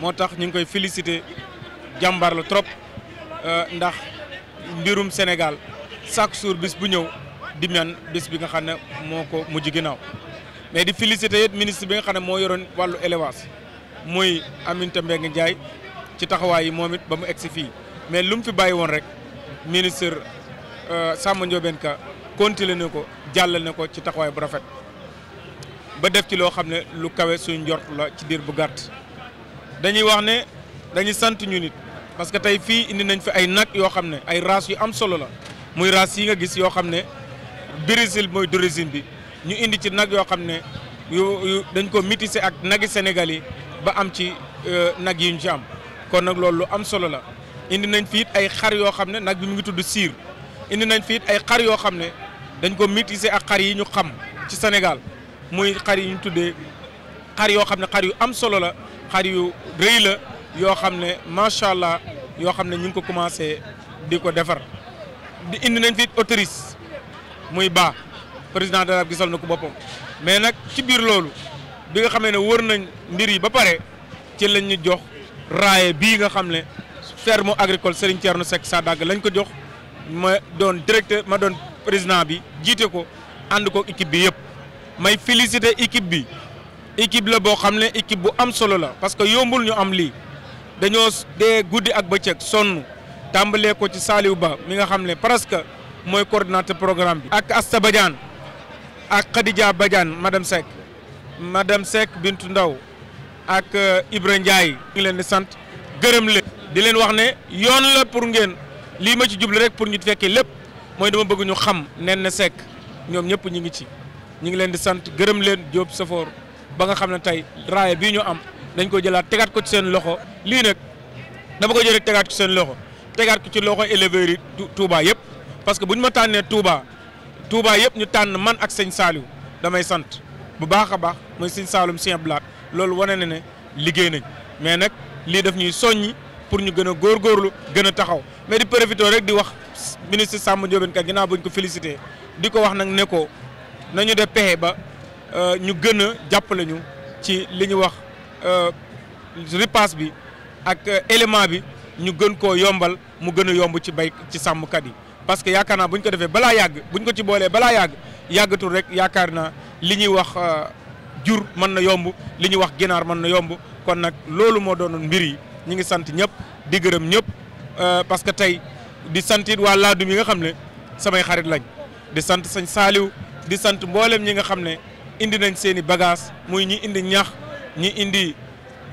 moo tax ñu ngi koy félicité jàmbaar la trop euh, ndax mbirum Sénégal chaque jour bis bu ñëw di ñaan bis bi nga xam ne moo ko mujj ginnaaw mais di félicité it ministre bi nga xam ne moo yoroon wàllu élevage muy Aminata Mbengue Ndiaye ci taxawaay yi moom it ba mu egg si fii mais lu mu fi bàyyi woon rek ministre euh, Samba Ndiobène Ka continué na ko jàllal na ko ci taxawaay bu rafet ba def ci loo xam ne lu kawe suñ njort la ci diir bu gàtt dañuy wax ne dañuy sant ñu nit parce que tey fii indi nañ fi ay nag yoo xam ne ay races yu am solo la muy races yi nga gis yoo xam ne Brésil mooy d'origine bi ñu indi ci nag yoo xam ne yu dañ ko métissé ak nagi Sénégal yi ba am ci euh, nag yi ñu kon nag loolu am solo la indi nañ fi it ay xar yoo xam ne nag bi mu ngi tudd siir indi nañ fi ay xar yoo xam ne dañ ko métissé ak xar yi ñu xam ci Sénégal muy xar yi ñu tuddee xar yoo xam ne xar yu am solo la xar yu rëy la yoo xam ne macha allah yoo xam ne ñu ngi ko commencé di ko defar di indi nañ fi autorise muy baax président de gisal na ko boppam mais nag ci biir loolu bi nga xamee ne wër nañ mbir yi ba pare ci lañ ñu jox raaye bii nga xam ne ferme agricole Serigne Thierno Seck Sadag lañ ko jox ma doon directeur ma doon président bi jiite ko ànd ko équipe bi yëpp may féliciter équipe bi équipe la boo xam ne équipe bu am solo la parce que yombul ñu am lii dañoo dee guddi ak bëccëg sonn tàmbalee ko ci Saliou Ba mi nga xam ne presque mooy coordinateur programme bi. ak Asta Badiane ak Khadija Badiane madame Seck madame Seck Bintu Ndaw ak euh, Ibra Ndiaye. ñu leen di sant gërëm leen. di leen wax ne yoon la pour ngeen lii ma ci jublu rek pour ñu fekkee lépp mooy dama bëgg ñu xam nen na Seck ñoom ñëpp ñu ngi ci ñu ngi leen di sant gërëm leen Diop Safor. ba nga xam ne tey raaya bii ñu am dañ koy jëlaat tegaat ko ci seen loxo lii nag dama ko jëlee tegaat ko ci seen loxo tegaat ko ci loxo éleveurs yi Touba yëpp parce que bu ñu ma tànnee Touba Touba yëpp ñu tànn man ak sëñ Saliou damay sant bu baax a baax mooy sëñ Saloum sëñ Blaat loolu wane na ne liggéey nañ mais nag lii def ñuy soññi pour ñu gën a góorgóorlu gën a taxaw mais di profité rek di wax ministre sàmm Ndiobène Ka ginnaaw buñ ko félicité di ko wax nag ne ko nañu def pexe ba. Euh, ñu gën a jàppale ci li ñu wax euh, ripaas bi ak euh, élément bi ñu gën koo yombal mu gën a yomb ci bay ci sàmmkat yi parce que yaakaar naa bu ñu ko defee balaa yàgg bu ñu ko ci boolee balaa yàgg yàggatul rek yaakaar naa li ñuy wax jur mën na yomb li ñuy wax ginaar mën na yomb kon nag loolu moo doonoon mbir yi ñu ngi sant ñëpp di gërëm ñëpp parce que tey di sant it waa Laadum yi nga xam ne samay xarit lañ di sant sëñ Saaliw di sant mboolem ñi nga xam ne indi nañ seen i bagage muy ñi indi ñax ñi indi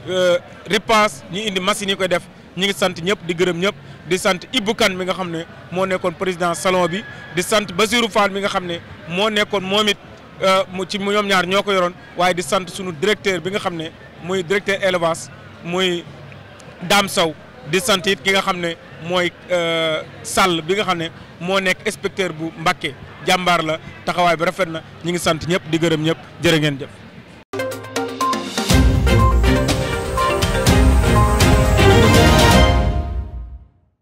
euh, ripaas ñi indi machine yi koy def ñi ngi sant ñëpp di gërëm ñëpp di sant Ibou Kane mi nga xam ne moo nekkoon président salon bi di sant Basirou Fall mi nga xam ne moo nekkoon moom it euh, mu ci ñoom ñaar ñoo ko yoroon waaye di sant sunu directeur bi nga xam ne muy directeur élevage muy daam Sow di sant it ki nga xam ne mooy euh, Sall bi nga xam ne moo nekk inspecteur bu Mbacké jàmbaar la taxawaay bi rafet na ñi ngi sant ñëpp di gërëm ñëpp jërë ngeen jëf